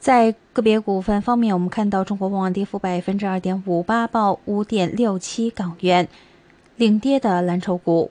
在個別股份方面，我們看到中國旺旺跌幅百分之二點五八，報五點六七港元，領跌的藍籌股。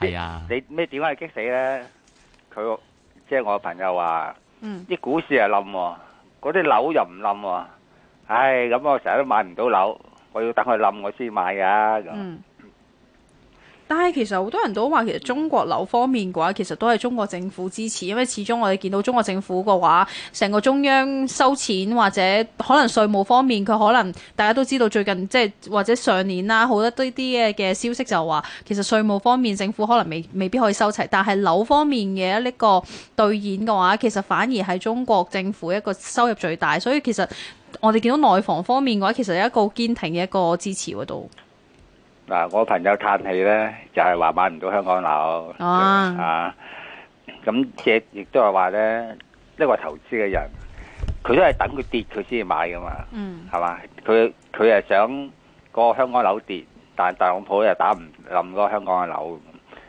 係啊，你咩點解係激死咧？佢即係我個朋友話：啲、嗯、股市係冧喎，嗰啲樓又唔冧喎。唉，咁我成日都買唔到樓，我要等佢冧我先買㗎咁。但係其實好多人都話，其實中國樓方面嘅話，其實都係中國政府支持，因為始終我哋見到中國政府嘅話，成個中央收錢或者可能稅務方面，佢可能大家都知道最近即係或者上年啦，好多呢啲嘅嘅消息就話，其實稅務方面政府可能未未必可以收齊，但係樓方面嘅呢個兌現嘅話，其實反而係中國政府一個收入最大，所以其實我哋見到內房方面嘅話，其實係一個堅挺嘅一個支持喎都。嗱，我朋友嘆氣咧，就係、是、話買唔到香港樓啊！咁亦亦都係話咧，呢個、就是、投資嘅人，佢都係等佢跌佢先買噶嘛，係嘛、嗯？佢佢係想個香港樓跌，但特朗普又打唔冧個香港嘅樓，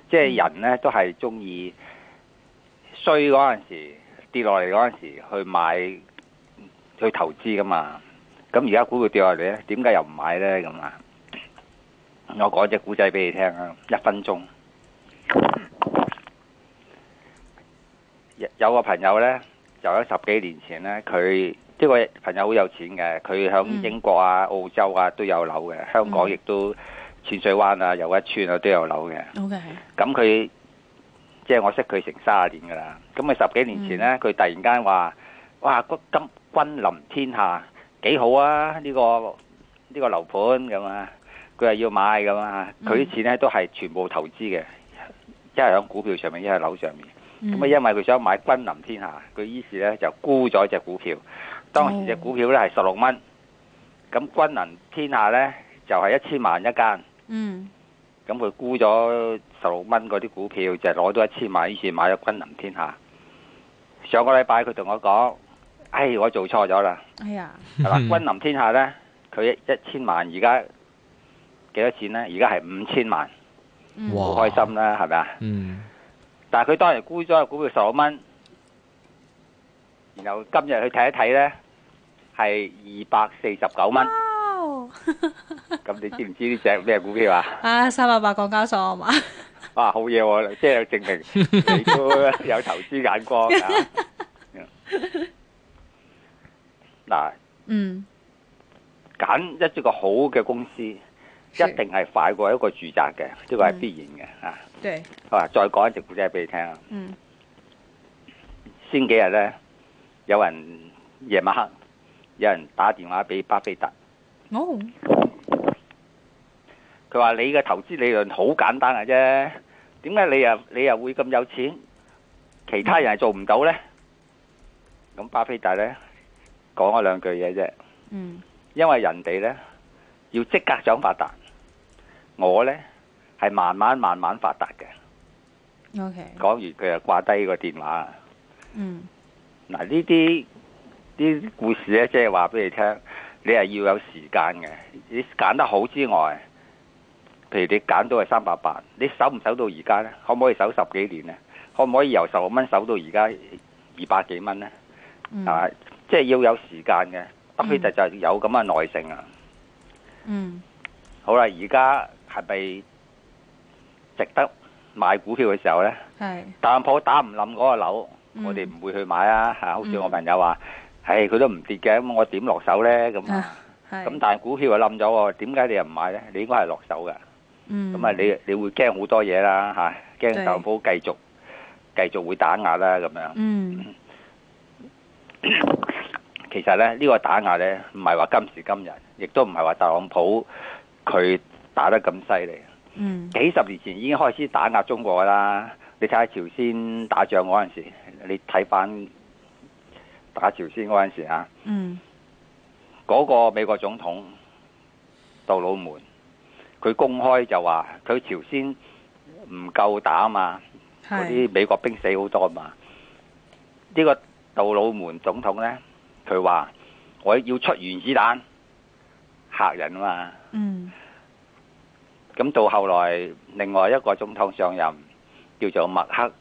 即係、嗯、人咧都係中意衰嗰陣時跌落嚟嗰陣時去買去投資噶嘛。咁而家估佢跌落嚟咧，點解又唔買咧咁啊？我講隻古仔俾你聽啊！一分鐘，有有個朋友呢，又喺十幾年前呢，佢即、這個朋友好有錢嘅，佢響英國啊、嗯、澳洲啊都有樓嘅，香港亦都淺水灣啊、又一村啊都有樓嘅。咁佢即係我識佢成三十年噶啦，咁啊十幾年前呢，佢、嗯、突然間話：，哇，今君臨天下幾好啊！呢、這個呢、這個樓盤咁啊！佢係要買㗎嘛？佢啲錢咧都係全部投資嘅，一係喺股票上面，一係樓上面。咁啊、嗯，因為佢想買君臨天下，佢於是咧就沽咗隻股票。當時隻股票咧係十六蚊，咁君臨天下咧就係一千萬一間。嗯。咁佢沽咗十六蚊嗰啲股票，就攞、係、到一千萬，於是買咗君臨天下。上個禮拜佢同我講：，哎，我做錯咗啦。哎呀！係嘛吧？嗯、君臨天下咧，佢一一千萬而家。幾多錢咧？而家係五千萬，好開心啦，係咪啊？但係佢當日沽咗個股票十六蚊，然後今日去睇一睇咧，係二百四十九蚊。咁你知唔知呢隻咩股票啊？啊，三百八港交所啊嘛。哇，好嘢！即係證明你都有投資眼光。嗱，嗯，揀一啲個好嘅公司。一定係快過一個住宅嘅，呢個係必然嘅吓。嗯啊、對，係再講一隻故仔俾你聽。嗯。先幾日咧，有人夜晚黑，有人打電話俾巴菲特。佢話、哦：你嘅投資理論好簡單嘅啫，點解你又你又會咁有錢？其他人係做唔到呢？嗯。咁巴菲特咧，講咗兩句嘢啫。嗯。因為人哋咧，要即刻想發達。我呢，係慢慢慢慢發達嘅。OK。講完佢就掛低個電話。嗯、mm.。嗱呢啲啲故事呢，即係話俾你聽。你係要有時間嘅。你揀得好之外，譬如你揀到係三百八，你守唔守到而家呢？可唔可以守十幾年呢？可唔可以由十五蚊守到而家二百幾蚊咧？Mm. 啊，即係要有時間嘅，巴菲特就就有咁嘅耐性啊。嗯。Mm. Mm. 好啦，而家。係咪值得買股票嘅時候呢？特朗普打唔冧嗰個樓，我哋唔會去買啊！嚇，好似我朋友話，唉，佢都唔跌嘅，咁我點落手呢？咁，咁但係股票又冧咗喎，點解你又唔買呢？你應該係落手嘅。嗯，咁啊，你你會驚好多嘢啦嚇，驚特朗普繼續繼續會打壓啦咁樣。嗯。其實呢，呢個打壓呢，唔係話今時今日，亦都唔係話特朗普佢。打得咁犀利，嗯、幾十年前已經開始打壓中國啦。你睇下朝鮮打仗嗰陣時，你睇翻打朝鮮嗰陣時啊，嗰、嗯、個美國總統杜魯門，佢公開就話：佢朝鮮唔夠打啊嘛，嗰啲美國兵死好多啊嘛。呢是個杜魯門總統呢，佢話我要出原子彈嚇人啊嘛。嗯咁到後來，另外一個總統上任，叫做麥克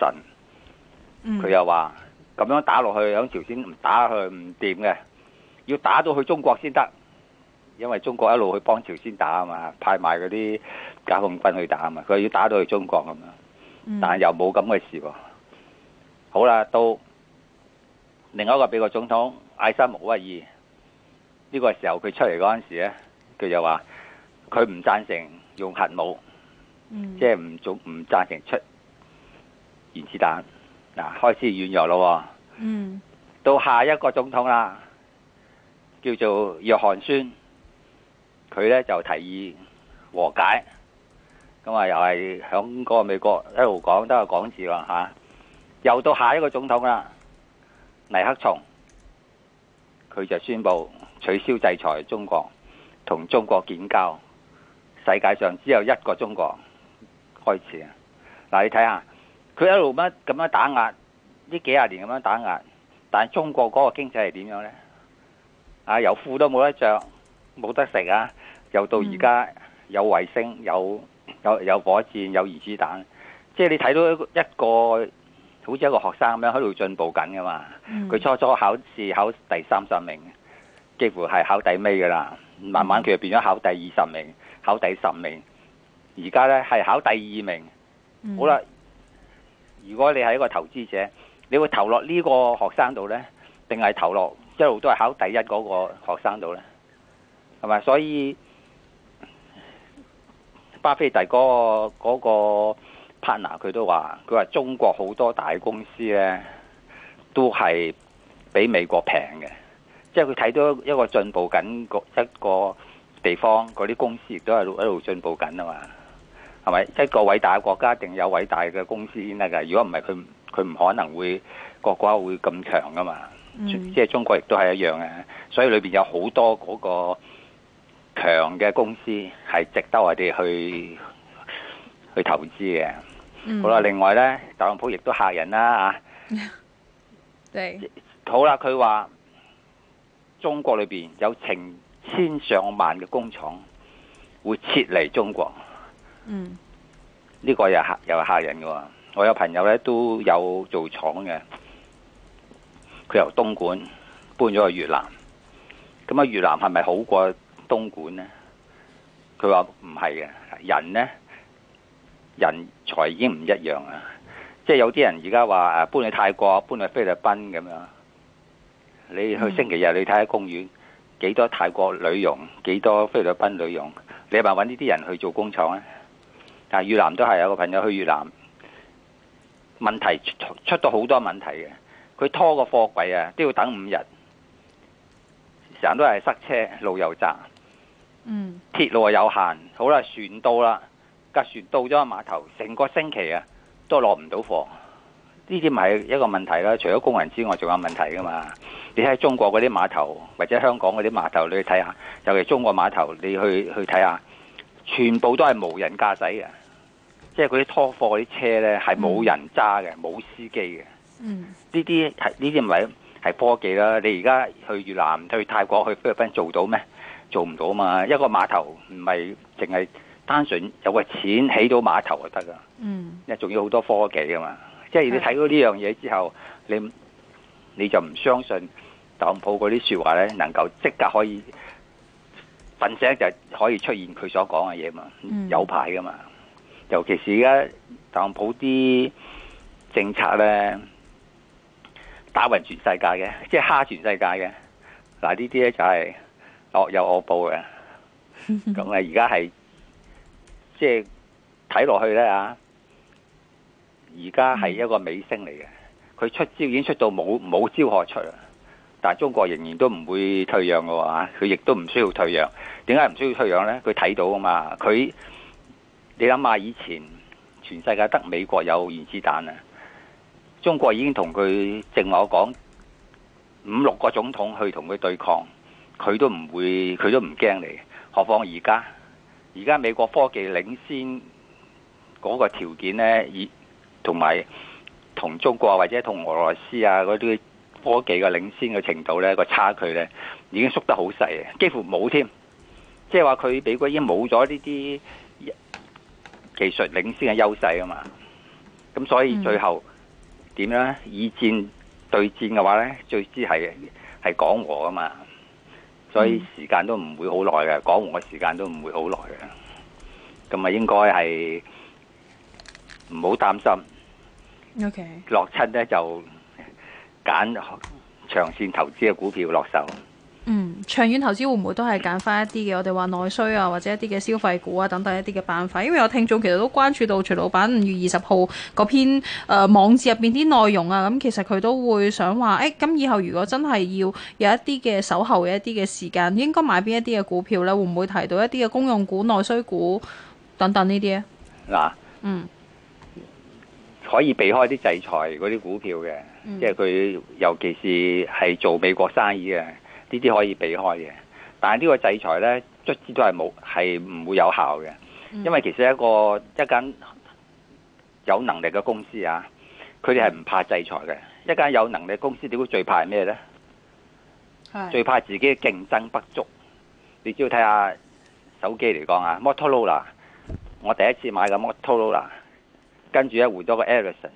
臣，佢又話：咁樣打落去，響朝鮮唔打佢唔掂嘅，要打到去中國先得，因為中國一路去幫朝鮮打啊嘛，派埋嗰啲解放軍去打啊嘛，佢要打到去中國咁樣，但係又冇咁嘅事喎。好啦，到另外一個美國總統艾森豪威爾，呢個時候佢出嚟嗰陣時咧，佢又話。佢唔贊成用核武，嗯、即係唔做唔贊成出原子彈，嗱，開始軟弱咯。嗯、到下一個總統啦，叫做約翰孫，佢咧就提議和解。咁啊，又係響個美國一路講都係講字喎嚇、啊。又到下一個總統啦，尼克松，佢就宣布取消制裁中國，同中國建交。世界上只有一個中國開始啊！嗱，你睇下，佢一路咁咁樣打壓，呢幾廿年咁樣打壓，但係中國嗰個經濟係點樣呢？啊，有褲都冇得着，冇得食啊！又到而家、嗯、有衛星，有有，有火箭，有原子彈，即係你睇到一個好似一個學生咁樣喺度進步緊嘅嘛。佢、嗯、初初考試考第三十名，幾乎係考第尾嘅啦，慢慢佢就變咗考第二十名。嗯嗯考第十名，而家呢係考第二名。好啦，mm hmm. 如果你係一個投資者，你會投落呢個學生度呢？定係投落一路都係考第一嗰個學生度呢？係咪？所以巴菲特嗰個嗰個 partner 佢都話，佢話中國好多大公司呢都係比美國平嘅，即係佢睇到一個進步緊一個。地方嗰啲公司亦都係一路進步緊啊嘛，係咪一個偉大嘅國家一定有偉大嘅公司先得㗎？如果唔係，佢佢唔可能會國家會咁強噶嘛？即係中國亦都係一樣嘅！所以裏邊有好多嗰個強嘅公司係值得我哋去去投資嘅。好啦，另外咧，特朗普亦都嚇人啦嚇，對，好啦，佢話中國裏邊有情千上萬嘅工廠會撤離中國，嗯，呢個又吓又係吓人嘅。我有朋友咧都有做廠嘅，佢由東莞搬咗去越南，咁啊越南係咪好過東莞呢？佢話唔係嘅，人呢，人才已經唔一樣啊！即係有啲人而家話誒搬去泰國，搬去菲律賓咁樣，你去星期日你睇下公園。嗯嗯幾多泰國女傭，幾多菲律賓女傭，你有冇揾呢啲人去做工廠啊？但係越南都係，有個朋友去越南，問題出出咗好多問題嘅，佢拖個貨櫃啊都要等五日，成日都係塞車，路又窄，嗯，鐵路啊有限，好啦，船到啦，架船到咗碼頭，成個星期啊都落唔到貨。呢啲唔係一個問題啦，除咗工人之外，仲有問題噶嘛？你睇中國嗰啲碼頭，或者香港嗰啲碼頭，你去睇下，尤其中國碼頭，你去去睇下，全部都係無人駕駛嘅，即係嗰啲拖貨嗰啲車呢，係冇人揸嘅，冇司機嘅。嗯，呢啲係呢啲咪係科技啦。你而家去越南、去泰國、去菲律賓做到咩？做唔到嘛？一個碼頭唔係淨係單純有個錢起到碼頭就得㗎。嗯，因為仲要好多科技噶嘛。即係你睇到呢樣嘢之後，你你就唔相信特朗普嗰啲說話咧，能夠即刻可以瞓醒就可以出現佢所講嘅嘢嘛，有排噶嘛。尤其是而家特朗普啲政策咧，打勻全世界嘅，即係蝦全世界嘅。嗱，呢啲咧就係惡有惡報嘅。咁啊，而家係即係睇落去咧啊！而家係一個尾聲嚟嘅，佢出招已經出到冇冇招可出啦。但係中國仍然都唔會退讓嘅話，佢亦都唔需要退讓。點解唔需要退讓呢？佢睇到啊嘛，佢你諗下以前全世界得美國有原子彈啊，中國已經同佢正話我講五六個總統去同佢對抗，佢都唔會，佢都唔驚你。何況而家，而家美國科技領先嗰個條件呢，以同埋同中國或者同俄羅斯啊嗰啲科技嘅領先嘅程度呢，個差距呢已經縮得好細，幾乎冇添。即係話佢美國已經冇咗呢啲技術領先嘅優勢啊嘛。咁所以最後點呢？以戰對戰嘅話呢，最之係係講和啊嘛。所以時間都唔會好耐嘅，講和嘅時間都唔會好耐嘅。咁啊，應該係唔好擔心。O.K. 落親咧，就揀長線投資嘅股票落手。嗯，長遠投資會唔會都係揀翻一啲嘅我哋話內需啊，或者一啲嘅消費股啊等等一啲嘅辦法？因為我聽眾其實都關注到徐老闆五月二十號嗰篇誒、呃、網誌入邊啲內容啊，咁、嗯、其實佢都會想話，誒、哎、咁以後如果真係要有一啲嘅守候嘅一啲嘅時間，應該買邊一啲嘅股票咧？會唔會提到一啲嘅公用股、內需股等等呢啲咧？嗱、啊，嗯。可以避開啲制裁嗰啲股票嘅，即係佢尤其是係做美國生意嘅，呢啲可以避開嘅。但係呢個制裁呢，卒之都係冇係唔會有效嘅，因為其實一個一間有能力嘅公司啊，佢哋係唔怕制裁嘅。一間有能力公司點會最怕係咩呢？是的 最怕自己競爭不足。你只要睇下手機嚟講啊，摩托羅拉我第一次買嘅摩托羅拉跟住咧換多個 Ellison。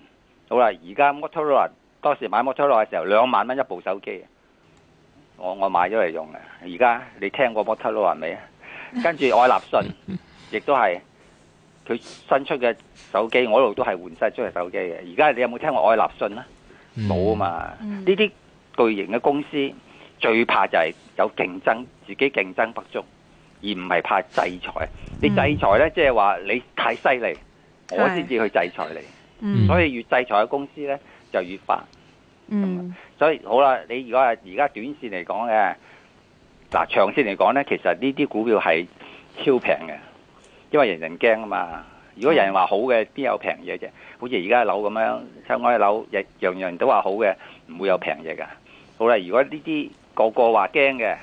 好啦！而家摩托羅拉當時買摩托羅拉嘅時候兩萬蚊一部手機，我我買咗嚟用啦。而家你聽過摩托羅拉未啊？跟住愛立信亦都係佢新出嘅手機，我一路都係換晒出嚟手機嘅。而家你有冇聽過愛立信啊？冇啊嘛！呢啲、嗯、巨型嘅公司最怕就係有競爭，自己競爭不足，而唔係怕制裁。你制裁咧，即係話你太犀利。我先至去制裁你，mm. 所以越制裁嘅公司咧就越煩。Mm. 所以好啦，你如果係而家短線嚟講嘅，嗱長線嚟講咧，其實呢啲股票係超平嘅，因為人人驚啊嘛。如果人人話好嘅，邊有平嘢啫？好似而家樓咁樣，香港嘅樓，日樣樣都話好嘅，唔會有平嘢噶。好啦，如果呢啲個個話驚嘅，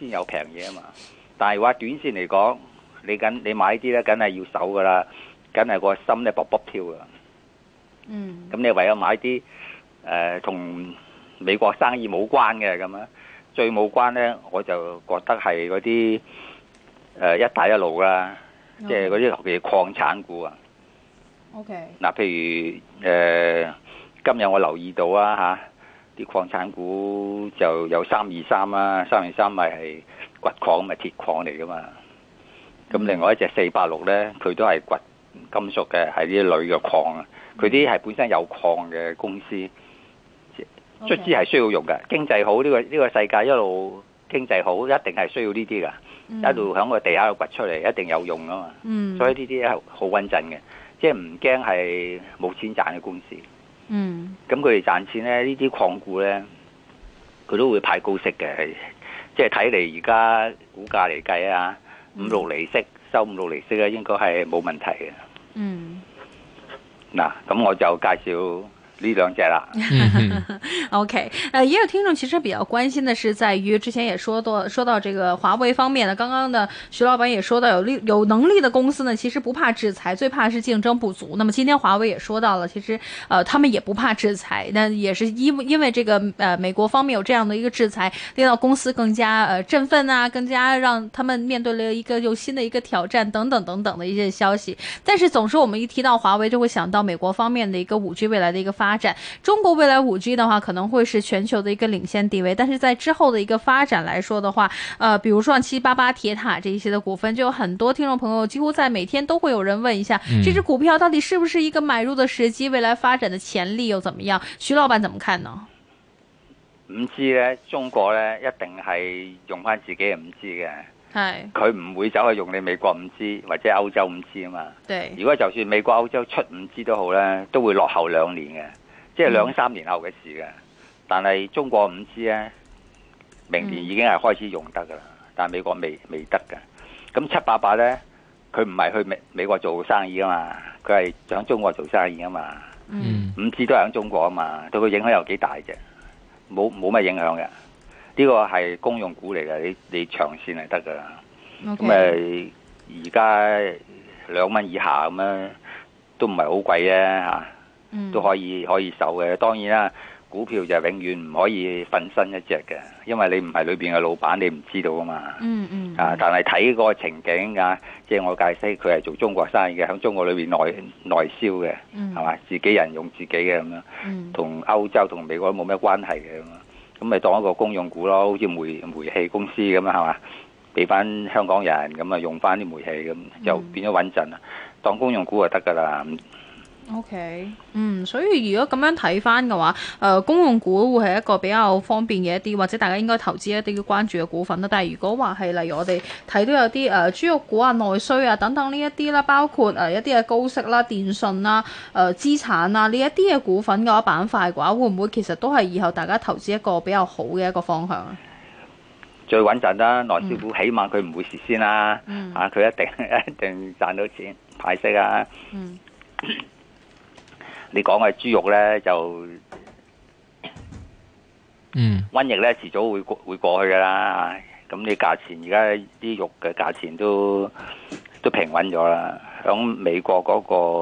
先有平嘢啊嘛。但係話短線嚟講，你緊你買啲咧，梗係要守噶啦。梗係個心咧卜卜跳噶，薄薄嗯，咁你唯有買啲誒同美國生意冇關嘅，咁啊，最冇關咧，我就覺得係嗰啲誒一帶一路啦、啊，即係嗰啲嘅礦產股啊。O K. 嗱，譬如誒、呃、今日我留意到啊嚇，啲礦產股就有三二三啊，三二三咪係掘礦咪鐵礦嚟噶嘛，咁另外一隻四百六咧，佢都係掘。金屬嘅係啲鋁嘅礦，佢啲係本身有礦嘅公司，卒之係需要用嘅。Okay. 經濟好呢、這個呢、這個世界一路經濟好，一定係需要呢啲噶，一度響個地下度掘出嚟，一定有用噶嘛。Mm. 所以呢啲係好穩陣嘅，即係唔驚係冇錢賺嘅公司。嗯、mm.，咁佢哋賺錢咧，呢啲礦股咧，佢都會派高息嘅，即係睇嚟而家股價嚟計啊，五六厘息。收五六厘息咧，應該係冇問題嘅。嗯，嗱，咁我就介紹。你兩隻啦，OK，誒、uh,，也有聽眾其實比較關心的，是在於之前也說到，說到這個華為方面呢，剛剛呢，徐老闆也說到有利，有力有能力的公司呢，其實不怕制裁，最怕是競爭不足。那麼今天華為也說到了，其實誒、呃，他們也不怕制裁，那也是因因為這個呃美國方面有這樣的一個制裁，令到公司更加呃振奮啊，更加讓他們面對了一個有新的一個挑戰，等等等等的一些消息。但是總是我們一提到華為，就會想到美國方面的一個五 G 未來的一個發展。發展中國未來五 G 的話，可能會是全球的一個領先地位。但是在之後的一個發展來說的話，呃，比如說七八八鐵塔這一些的股份，就有很多聽眾朋友幾乎在每天都會有人問一下，嗯、這隻股票到底是不是一個買入的時機，未來發展的潛力又怎麼樣？徐老闆怎麼看呢？五 G 呢，中國呢，一定係用翻自己嘅五 G 嘅，係，佢唔會走去用你美國五 G 或者歐洲五 G 啊嘛。對，如果就算美國、歐洲出五 G 都好咧，都會落後兩年嘅。即係兩三年後嘅事嘅，但係中國五 G 咧，明年已經係開始用得噶啦，嗯、但係美國未未得噶。咁七八八咧，佢唔係去美美國做生意噶嘛，佢係響中國做生意噶嘛。五 G、嗯、都係響中國啊嘛，對佢影響有幾大啫？冇冇咩影響嘅？呢、個係公用股嚟噶，你你長線係得噶啦。咁誒，而家兩蚊以下咁咧，都唔係好貴啊吓。都可以可以守嘅，當然啦，股票就永遠唔可以瞓身一隻嘅，因為你唔係裏邊嘅老闆，你唔知道啊嘛。嗯嗯。嗯啊，但係睇個情景啊，即係我解釋，佢係做中國生意嘅，喺中國裏邊內內銷嘅，係嘛、嗯，自己人用自己嘅咁樣，同歐、嗯、洲同美國都冇咩關係嘅咁啊，咁咪當一個公用股咯，好似煤煤氣公司咁啊，係嘛，俾翻香港人咁啊用翻啲煤氣咁，就變咗穩陣啦，當公用股就得噶啦。O、okay. K，嗯，所以如果咁樣睇翻嘅話，誒、呃、公用股會係一個比較方便嘅一啲，或者大家應該投資一啲要關注嘅股份啦。但係如果話係例如我哋睇到有啲誒豬肉股啊、內需啊等等呢一啲啦，包括誒、呃、一啲嘅高息啦、啊、電信啦、啊、誒、呃、資產啦呢一啲嘅股份嘅話，板塊嘅話會唔會其實都係以後大家投資一個比較好嘅一個方向、啊？最穩陣啦，內資股起碼佢唔會蝕先啦、啊，嗯嗯、啊佢一定一定賺到錢派息啊。嗯你講嘅豬肉咧就呢，嗯，瘟疫咧遲早會過會過去噶啦。咁你價錢而家啲肉嘅價錢都都平穩咗啦。響美國嗰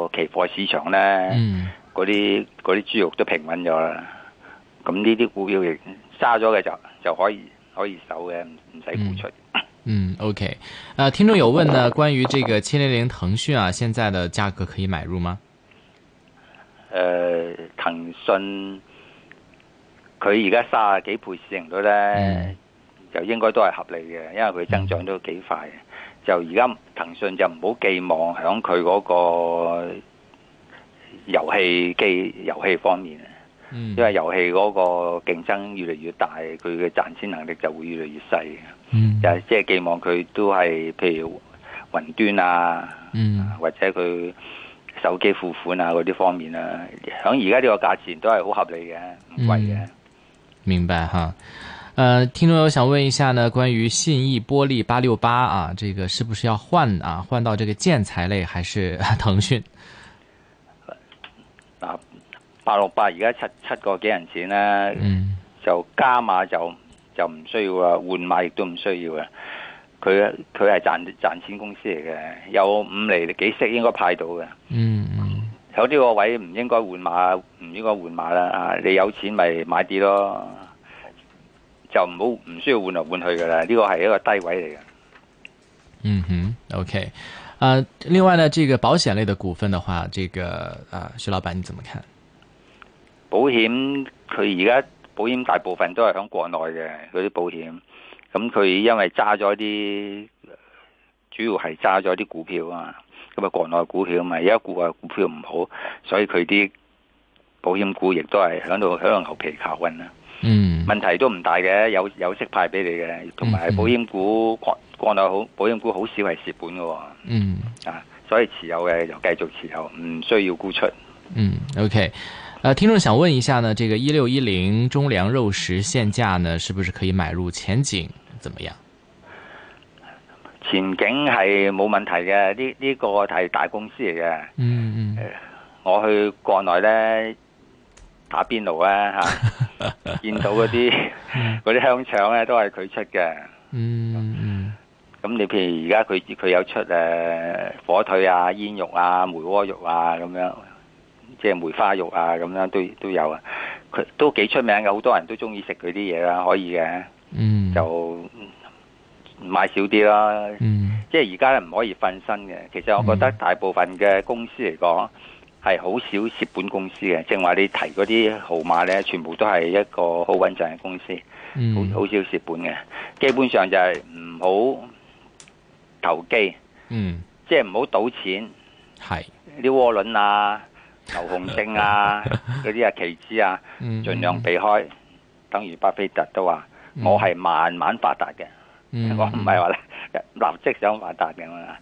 個期貨市場咧，嗰啲嗰啲豬肉都平穩咗啦。咁呢啲股票亦揸咗嘅就就可以可以守嘅，唔使沽出。嗯，嗯，OK。呃。啊，聽眾有問呢，關於這個七零零騰訊啊，現在的價格可以買入嗎？誒、uh, 騰訊佢而家三十幾倍市盈率咧，mm. 就應該都係合理嘅，因為佢增長都幾快。Mm. 就而家騰訊就唔好寄望喺佢嗰個遊戲機遊戲方面啊，mm. 因為遊戲嗰個競爭越嚟越大，佢嘅賺錢能力就會越嚟越細。Mm. 就係即係寄望佢都係譬如雲端啊，mm. 或者佢手機付款啊，嗰啲方面啊，響而家呢個價錢都係好合理嘅，唔貴嘅、嗯。明白哈，誒、呃，聽眾我想問一下呢，關於信義玻璃八六八啊，這個是不是要換啊？換到這個建材類還是騰訊？嗱、呃，八六八而家七七個幾銀錢咧，嗯、就加碼就就唔需要啊，換買亦都唔需要啊。佢佢係賺賺錢公司嚟嘅，有五厘幾息應該派到嘅。嗯，喺呢、啊這個位唔應該換馬，唔應該換馬啦。啊，你有錢咪買啲咯，就唔好唔需要換來換去噶啦。呢、這個係一個低位嚟嘅。嗯哼，OK，啊、uh,，另外呢，這個保險類的股份的話，這個啊，uh, 徐老闆你怎麼看？保險佢而家保險大部分都係響國內嘅嗰啲保險。咁佢、嗯、因為揸咗啲，主要係揸咗啲股票啊，咁啊國內股票啊嘛，而家國外股票唔好，所以佢啲保險股亦都係響度響牛皮靠穩啦。嗯，問題都唔大嘅，有有息派俾你嘅，同埋保險股國國內好，保險股好少係蝕本噶、哦。嗯，啊，所以持有嘅就繼續持有，唔需要沽出。嗯，OK。呃，聽眾想問一下呢，這個一六一零中糧肉食現價呢，是不是可以買入？前景怎麼樣？前景係冇問題嘅，呢呢、這個係大公司嚟嘅。嗯嗯、呃。我去國內呢，打邊爐啊，吓、啊， 見到嗰啲啲香腸呢，都係佢出嘅。嗯，嗯。咁、啊、你譬如而家佢佢有出誒火腿啊、煙肉啊、梅、啊、窩肉啊咁樣。即係梅花肉啊，咁樣都都有啊，佢都幾出名嘅，好多人都中意食佢啲嘢啦，可以嘅。嗯，就買少啲啦。嗯，即係而家咧唔可以瞓身嘅。其實我覺得大部分嘅公司嚟講係好、嗯、少蝕本公司嘅，正話你提嗰啲號碼咧，全部都係一個好穩陣嘅公司，好好、嗯、少蝕本嘅。基本上就係唔好投機。嗯，即係唔好賭錢。係啲窩輪啊。牛熊證啊，嗰啲啊期指啊，盡量避開。嗯嗯、等於巴菲特都話，嗯、我係慢慢發達嘅，嗯、我唔係話立即想發達嘅。啊。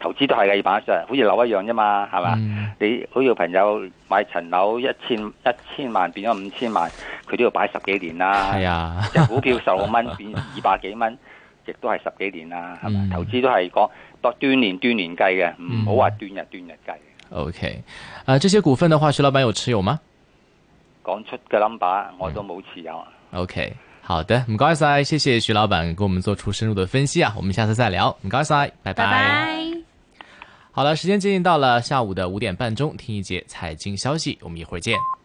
投資都係嘅，要馬上，好似樓一樣啫嘛，係嘛、嗯？你好似朋友買層樓，一千一千萬變咗五千萬，佢都要擺十幾年啦。係啊，即係 股票十五蚊變二百幾蚊，亦都係十幾年啦。係咪？bage 投資都係講多斷年斷年計嘅，唔好話斷日斷日計。OK，呃，這些股份的話，徐老闆有持有嗎？講出嘅 number 我都冇持有。啊、嗯。OK，好的，唔該晒，謝謝徐老闆給我們做出深入的分析啊，我們下次再聊，唔該晒，拜拜。拜拜。好了，時間接近到了下午的五點半鐘，聽一節財經消息，我們一會兒見。